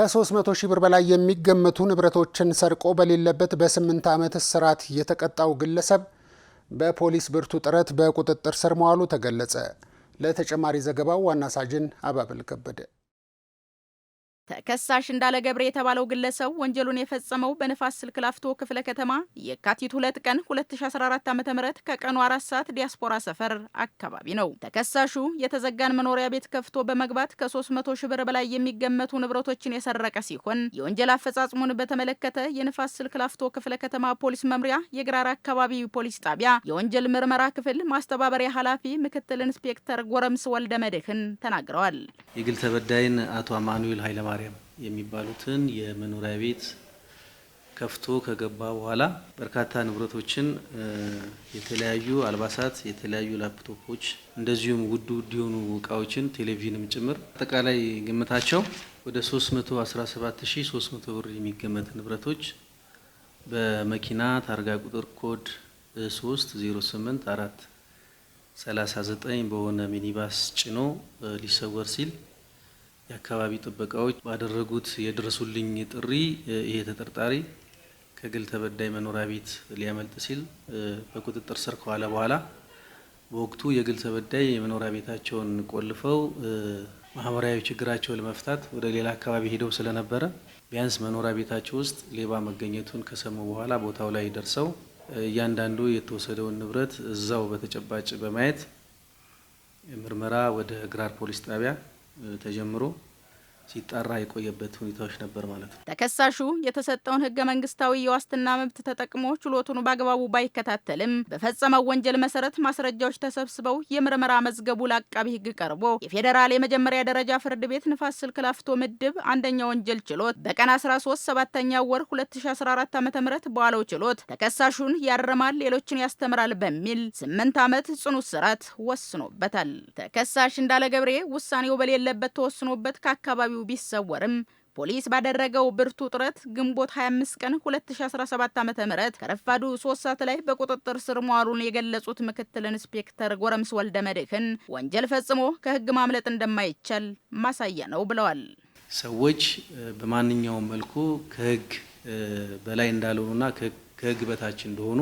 ከ300 ሺህ ብር በላይ የሚገመቱ ንብረቶችን ሰርቆ በሌለበት በስምንት ዓመት እስራት የተቀጣው ግለሰብ በፖሊስ ብርቱ ጥረት በቁጥጥር ስር መዋሉ ተገለጸ። ለተጨማሪ ዘገባው ዋና ሳጅን አባበል ከበደ ተከሳሽ እንዳለ ገብረ የተባለው ግለሰብ ወንጀሉን የፈጸመው በንፋስ ስልክ ላፍቶ ክፍለ ከተማ የካቲት ሁለት ቀን 2014 ዓ ም ከቀኑ አራት ሰዓት ዲያስፖራ ሰፈር አካባቢ ነው። ተከሳሹ የተዘጋን መኖሪያ ቤት ከፍቶ በመግባት ከ300 ሺህ ብር በላይ የሚገመቱ ንብረቶችን የሰረቀ ሲሆን የወንጀል አፈጻጽሙን በተመለከተ የንፋስ ስልክ ላፍቶ ክፍለ ከተማ ፖሊስ መምሪያ የግራራ አካባቢ ፖሊስ ጣቢያ የወንጀል ምርመራ ክፍል ማስተባበሪያ ኃላፊ ምክትል ኢንስፔክተር ጎረምስ ወልደ መድህን ተናግረዋል። የግል ተበዳይን አቶ አማኑኤል ኃይለማ ማርያም የሚባሉትን የመኖሪያ ቤት ከፍቶ ከገባ በኋላ በርካታ ንብረቶችን የተለያዩ አልባሳት፣ የተለያዩ ላፕቶፖች፣ እንደዚሁም ውድ ውድ የሆኑ እቃዎችን ቴሌቪዥንም ጭምር አጠቃላይ ግምታቸው ወደ 317300 ብር የሚገመት ንብረቶች በመኪና ታርጋ ቁጥር ኮድ 308439 በሆነ ሚኒባስ ጭኖ ሊሰወር ሲል የአካባቢ ጥበቃዎች ባደረጉት የድረሱልኝ ጥሪ ይሄ ተጠርጣሪ ከግል ተበዳይ መኖሪያ ቤት ሊያመልጥ ሲል በቁጥጥር ስር ከዋለ በኋላ በወቅቱ የግል ተበዳይ የመኖሪያ ቤታቸውን ቆልፈው ማህበራዊ ችግራቸውን ለመፍታት ወደ ሌላ አካባቢ ሄደው ስለነበረ ቢያንስ መኖሪያ ቤታቸው ውስጥ ሌባ መገኘቱን ከሰሙ በኋላ ቦታው ላይ ደርሰው እያንዳንዱ የተወሰደውን ንብረት እዛው በተጨባጭ በማየት ምርመራ ወደ ግራር ፖሊስ ጣቢያ ተጀምሮ ሲጣራ የቆየበት ሁኔታዎች ነበር ማለት ነው። ተከሳሹ የተሰጠውን ህገ መንግስታዊ የዋስትና መብት ተጠቅሞ ችሎቱን በአግባቡ ባይከታተልም በፈጸመው ወንጀል መሰረት ማስረጃዎች ተሰብስበው የምርመራ መዝገቡ ለአቃቢ ህግ ቀርቦ የፌዴራል የመጀመሪያ ደረጃ ፍርድ ቤት ንፋስ ስልክ ላፍቶ ምድብ አንደኛ ወንጀል ችሎት በቀን 13 ሰባተኛ ኛ ወር 2014 ዓ ም በዋለው ችሎት ተከሳሹን ያርማል፣ ሌሎችን ያስተምራል በሚል ስምንት ዓመት ጽኑ እስራት ወስኖበታል። ተከሳሽ እንዳለ ገብሬ ውሳኔው በሌለበት ተወስኖበት ከአካባቢው ቢሰወርም ፖሊስ ባደረገው ብርቱ ጥረት ግንቦት 25 ቀን 2017 ዓ.ም ከረፋዱ ሶስት ሰዓት ላይ በቁጥጥር ስር መዋሉን የገለጹት ምክትል ኢንስፔክተር ጎረምስ ወልደ መድህን ወንጀል ፈጽሞ ከህግ ማምለጥ እንደማይቻል ማሳያ ነው ብለዋል። ሰዎች በማንኛውም መልኩ ከህግ በላይ እንዳልሆኑና ከህግ በታች እንደሆኑ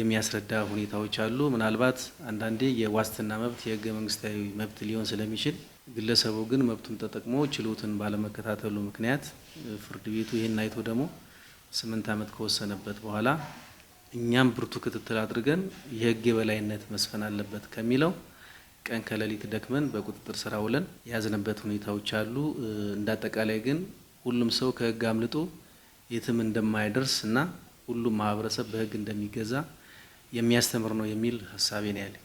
የሚያስረዳ ሁኔታዎች አሉ። ምናልባት አንዳንዴ የዋስትና መብት የህገ መንግስታዊ መብት ሊሆን ስለሚችል ግለሰቡ ግን መብቱን ተጠቅሞ ችሎትን ባለመከታተሉ ምክንያት ፍርድ ቤቱ ይህን አይቶ ደግሞ ስምንት ዓመት ከወሰነበት በኋላ እኛም ብርቱ ክትትል አድርገን የህግ የበላይነት መስፈን አለበት ከሚለው ቀን ከሌሊት ደክመን በቁጥጥር ስራ ውለን የያዝንበት ሁኔታዎች አሉ። እንዳጠቃላይ ግን ሁሉም ሰው ከህግ አምልጦ የትም እንደማይደርስ እና ሁሉም ማህበረሰብ በህግ እንደሚገዛ የሚያስተምር ነው የሚል ሀሳቤ ነው ያለኝ።